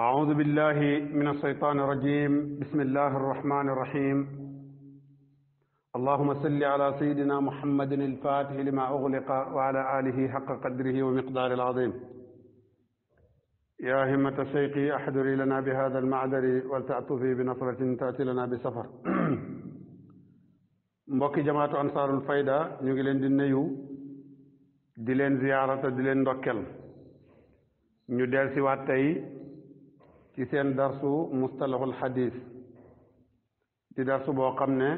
أعوذ بالله من الشيطان الرجيم بسم الله الرحمن الرحيم اللهم صل على سيدنا محمد الفاتح لما أغلق وعلى آله حق قدره ومقدار العظيم يا همة شيخي أحضري لنا بهذا المعدل ولتعطفي بنصرة تأتي لنا بسفر mbokki jamaatu ansaarul fayda ñu ngi leen di nuyu di leen ziyaarata di leen ndokkel ñu dellusiwaat tey ci seen darsu mustalahul xadis di darsu boo xam ne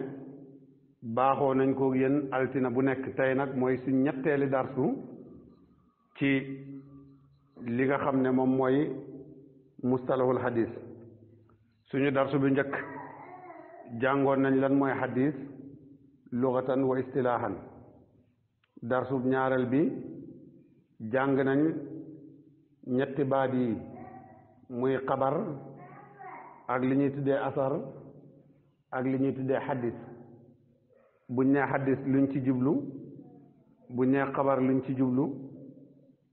baaxoo nañ ko yenn altina bu nekk tey nag mooy suñ ñetteeli darsu ci li nga xam ne moom mooy mustalahul xadis suñu darsu bi njëkk jàngoon nañ lan mooy xadis luxatan wa istilaahan darsu ñaareel bi jàng nañ ñetti baat yi muy xabar ak lu ñuy tuddee asar ak lu ñuy tuddee xaddis buñ nee xaddis luñ ci jublu buñ nee xabar luñ ci jublu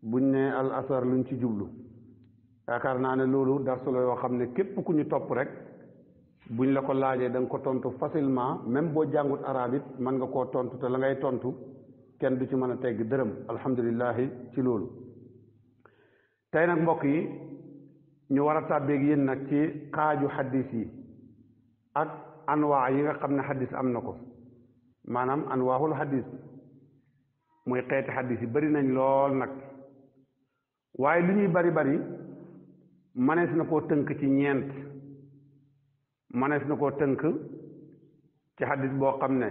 buñ nee al asar luñ ci jublu yaakaar naa ne loolu darsu la yoo xam ne képp ku ñu topp rek buñ la ko laajee danga ko tontu facilement même boo jàngut arab it mën nga koo tontu te la ngay tontu kenn du ci mën a tegg dërëm alhamdulilahi ci loolu tey nag mbokk yi ñu war a tàbbeeg yéen nag ci xaaju xaddis yi ak anwaa yi nga xam ne xaddis am na ko maanaam anwaahul xaddis muy xeeti xaddis yi bari nañ lool nag waaye lu ñuy bari bari manees na koo tënk ci ñeent manees na koo tënk ci xaddis boo xam ne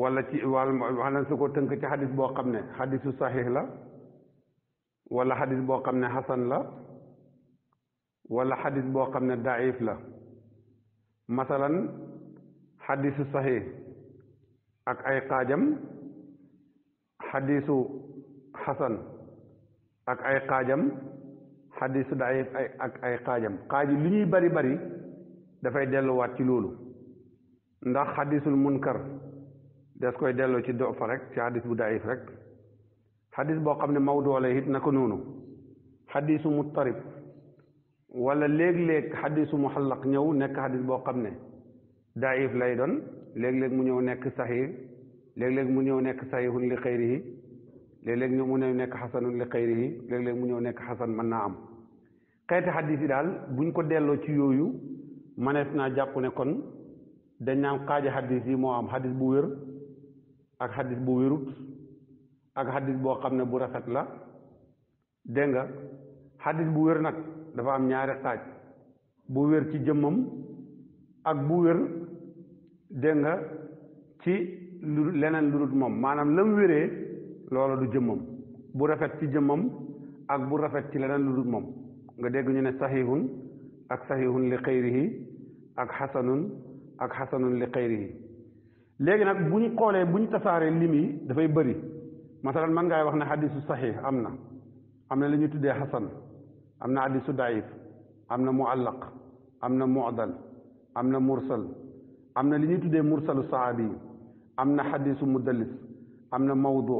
wala ci wal manees na tënk ci xaddis boo xam ne xaddisu saxiix la wala xaddis boo xam ne xasan la wala xadis boo xam ne daif la masalan xadisu saxiix ak ay xaajam xadisu xasan ak ay xaajam xadisu daif ak ay xaajam xaaji lu ñuy bari bari dafay delluwaat ci loolu ndax xadisul munkar des koy delloo ci do fa rek ci xadis bu daif rek xadis boo xam ne mawduu la it naka noonu xadisu muttarib wala léeg-léeg xadisu muxallaq ñëw nekk xadis boo xam ne daa if lay doon léegi léeg mu ñëw nekk saxiix léeg-léeg mu ñëw nekk saxiixun li xayrihi léeg-léeg mu ñëw nekk xasanun li xayrihi léeg-léeg mu ñëw nekk xasan mën naa am xeeti xadis yi daal buñ ko delloo ci yooyu manees naa jàpp ne kon dañ naan xaaja xadis yi moo am xadis bu wér ak xadis bu wérut ak xadis boo xam ne bu rafet la dégg nga xadis bu wér nag dafa am ñaari xaaj bu wér ci jëmmam ak bu wér dégg nga ci lu leneen lu moom maanaam lam wéree loola du jëmmam bu rafet ci jëmmam ak bu rafet ci leneen lu moom nga dégg ñu ne saxiixun ak saxiixun li xayrihi ak xasanun ak xasanun li xayrihi léegi nag bu ñu xoolee bu tasaaree lim yi dafay bëri masalan man ngay wax ne xadisu saxiix am na am na li ñu tuddee xasan am na hadisu daif am na muallaq am na mu'dal am na mursal am na li ñuy tuddee mursalu sahaabi yi am na hadisu mudallis am na mawdu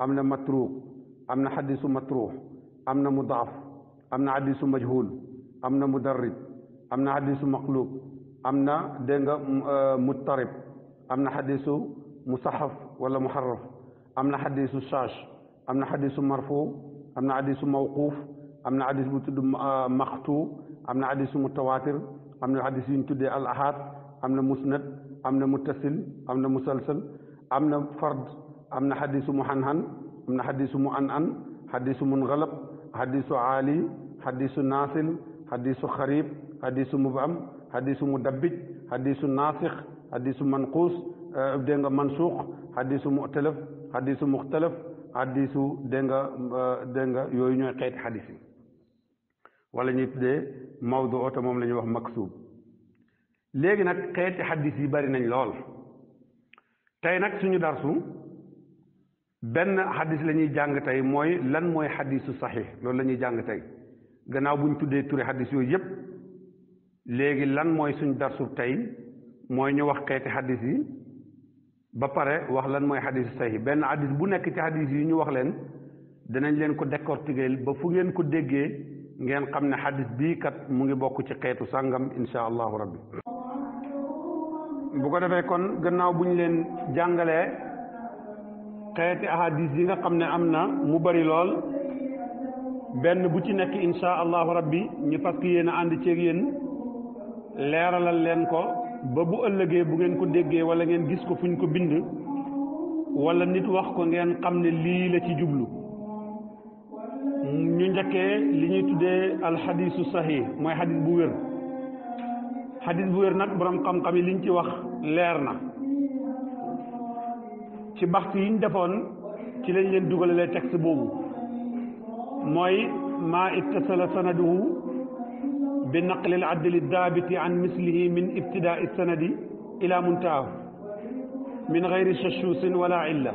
am na matruuk am na hadisu matruux am na mudaaf am na hadisu majhul am na mudarrib am na hadisu maqlub am na dégg nga muttarib am na hadisu musahaf wala muharraf am na hadisu shaash am na hadisu marfu am na hadisu mawquuf am na hadis bu tudd uh, maxtu am na mu mutawaatir am na hadis yu ñu tuddee al ahad am na musnad am na muttasil am na musalsal am na fard am na hadisu muhanhan am na hadisu mu an an hadisu mungalab hadisu aali hadisu naasil hadisu xarib hadisu mubam hadisu mudabbij hadisu naasix hadisu manquus uh, dégg nga mansuux hadisu mu'talaf hadisu muxtalaf hadisu dégg nga uh, dégg nga yooyu ñooy xeet hadis yi wala ñuy tuddee mawdu oto moom la ñuy wax maksuub léegi nag xeeti xaddis yi bari nañ lool tey nag suñu darsu benn xaddis la ñuy jàng tey mooy lan mooy xaddisu saxiix loolu la ñuy jàng tey gannaaw bu ñu tuddee turi xaddis yooyu yépp léegi lan mooy suñu darsu tey mooy ñu wax xeeti xaddis yi ba pare wax lan mooy xaddisu saxiix benn xaddis bu nekk ci xaddis yi ñu wax leen danañ leen ko décortiquer ba fu ngeen ko déggee ngeen xam ne xadis bii kat mu ngi bokk ci xeetu sàngam insha allahu rabbi bu ko defee kon gannaaw bu ñu leen jàngalee xeeti ahadis yi nga xam ne am na mu bari lool benn bu ci nekk insha allahu rabbi ñu fas yéen a ànd ceeg yéen leeralal leen ko ba bu ëllëgee bu ngeen ko déggee wala ngeen gis ko fuñ ko bind walla nit wax ko ngeen xam ne lii la ci jublu ñu njëkkee li ñuy tuddee alxadisu sahih mooy xadis bu wér xadis bu wér nag borom xam-xam yi liñ ci wax leer na ci baxtu yiñ defoon ci lañ leen dugalalee texte boobu mooy maa ittasala sanaduhu bi naqli al adli daabiti an mislihi min ibtidaa sanadi ila muntaahu min gayri shachuusin wala illa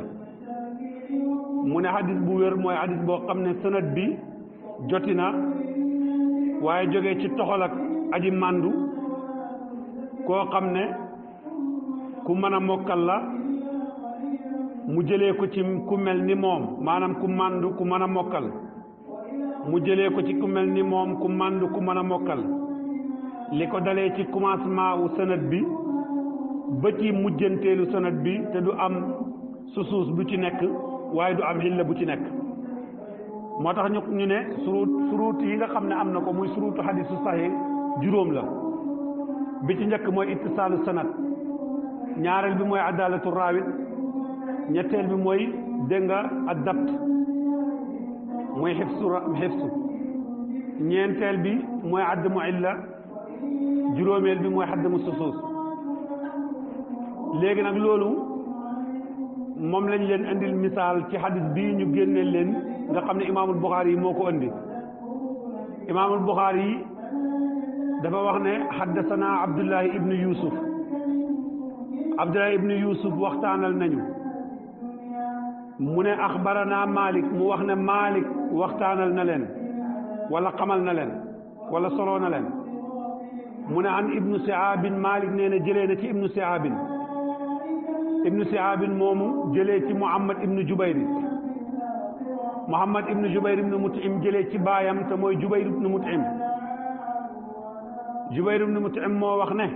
mu ne xadis bu wér mooy xadis boo xam ne sanad bi joti na waaye joge ci toxolak aji màndu koo xam ne ku mën a mokkal la mu jëlee ko ci ku mel ni moom maanaam ku màndu ku mën a mokkal mu jëlee ko ci ku mel ni moom ku ku mën a mokkal li ko dalee ci commencement wu sanad bi ba ci mujjanteelu sanad bi te du am susuus bu ci nekk waaye du am xilla bu ci nekk moo tax ñu ñu ne suruut suruut yi nga xam ne am na ko muy suruutu su saxi juróom la bi ci njëkk mooy ittisaalu sanad ñaareel bi mooy adalatu raawit ñetteel bi mooy dégg nga adapt mooy xifsu xifsu ñeenteel bi mooy addamu illa juróomeel bi mooy xaddamu susuus léegi nag loolu moom lañ leen indil misaal ci xadis bii ñu génne leen nga xam ne imaamul buxaari yi moo ko indi imaamul buxaari yi dafa wax ne xaddasana abdullahi ibnu yusuf abdullahi ibnu yusuf waxtaanal nañu mu ne axbarana malik mu wax ne malik waxtaanal na leen wala xamal na leen wala soloo na leen mu ne an ibnu sihaabin malik nee na jëlee na ci ibnu sihaabin ibnu sihaabin moomu jëlee ci muhammad ibnu jubayri muhammad ibnu jubayr ibnu mutim jëlee ci baayam te mooy jubayr ibnu mutim jubayr ibnu mutim moo wax ne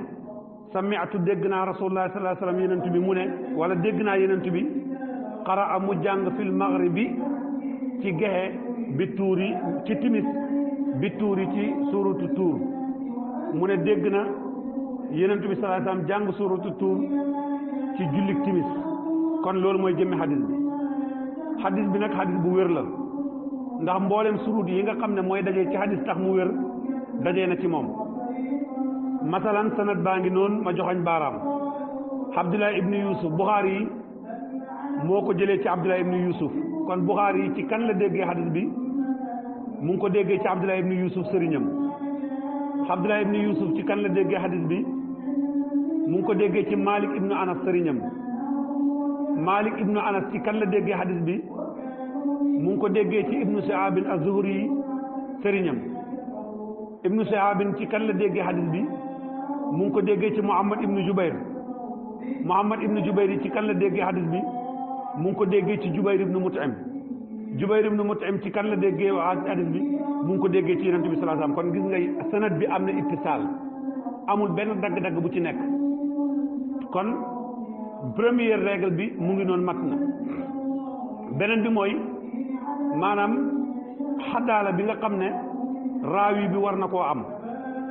sami'tu dégg naa rasulullah sallallahu alayhi wasallam yenentu bi mu ne wala dégg naa yenentu bi qara'a mu jàng fil maghribi ci gexe bi tuuri ci timis bi tuuri ci suuratu tuur mu ne dégg na yenentu bi sallallahu alayhi wasallam jàng suuratu tuur ci jullik timis kon loolu mooy jëmmi xadis bi xadis bi nag xadis bu wér la ndax mboolem surut yi nga xam ne mooy dajee ci xadis tax mu wér dajee na ci moom masalan sanad baa ngi noonu ma joxañ baaraam Abdullah ibnu Yusuf Buxaari yi moo ko jëlee ci Abdullah ibnu Yusuf kon Buxaari yi ci kan la déggee xadis bi mu ngi ko déggee ci Abdullah ibnu Yusuf sëriñam Abdullah ibnu Yusuf ci kan la déggee xadis bi mu ngi ko déggee ci Malik ibnu Anas sëriñam Malik ibnu Anas ci kan la déggee hadis bi mu ngi ko déggee ci ibnu Sihabin az-Zuhri sëriñam ibnu Sihabin ci kan la déggee hadis bi mu ngi ko déggee ci Muhammad ibnu Jubayr Muhammad ibnu Jubayr ci kan la déggee hadis bi mu ngi ko déggee ci Jubayr ibnu Mut'im Jubayr ibn Mut'im ci kan la déggee waa hadis bi mu ko déggee ci yonent bi sallallahu alayhi wasallam kon gis nga sanad bi am na ittisaal amul benn dagg-dagg bu ci nekk kon première règle bi mu ngi noonu mat na beneen bi mooy maanaam xaddaala bi nga xam ne raawi bi war na koo am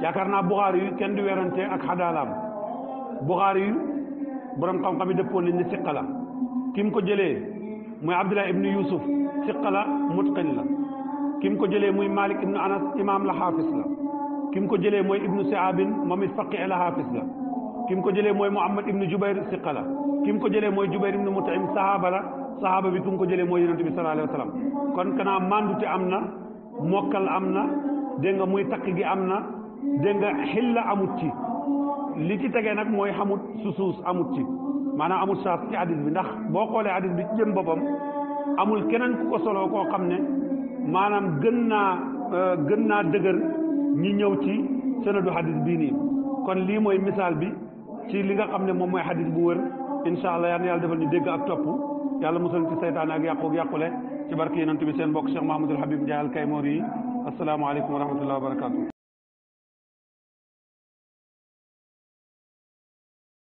yaakaar naa buxaari yu kenn di werante ak xadaalaam buxaari yu borom xam-xam yi dëppoon nañ ne siqa ki mu ko jëlee muy abdullah ibnu yusuf siqa la mutqin la ki ko jëlee muy malik ibnu anas imam la xaafis la ki ko jëlee mooy ibnu siabin moom it faqi la xaafis la ki mu ko jëlee mooy Muhammad ibnu Jubayr siqa la ki mu ko jëlee mooy Jubayr ibnu Mutaim sahaaba la sahaaba bi ku mu ko jëlee mooy yonente bi sallallahu alayhi wa sallam kon kanaa mandute am na mokkal am na dégg nga muy takk gi am na dégg nga xilla amut ci li ci tegee nag mooy xamut susuus amut ci maanaam amut saas ci hadis bi ndax boo xoolee hadis bi ci jëm boppam amul keneen ku ko soloo koo xam ne maanaam gën naa gën naa dëgër ñi ñëw ci sanadu hadis bii nii kon lii mooy misaal bi ci li nga xam ne moom mooy xadis bu wër incha allah yal na defal ñu dégg ak topp yàlla musal ci saytaan ak yàqu ak yàqule ci barke yonent bi seen mbokk Cheikh Mahamadoul Habib Ndiaye al Kaymoor yi asalaamaaleykum wa rahmatullahi wa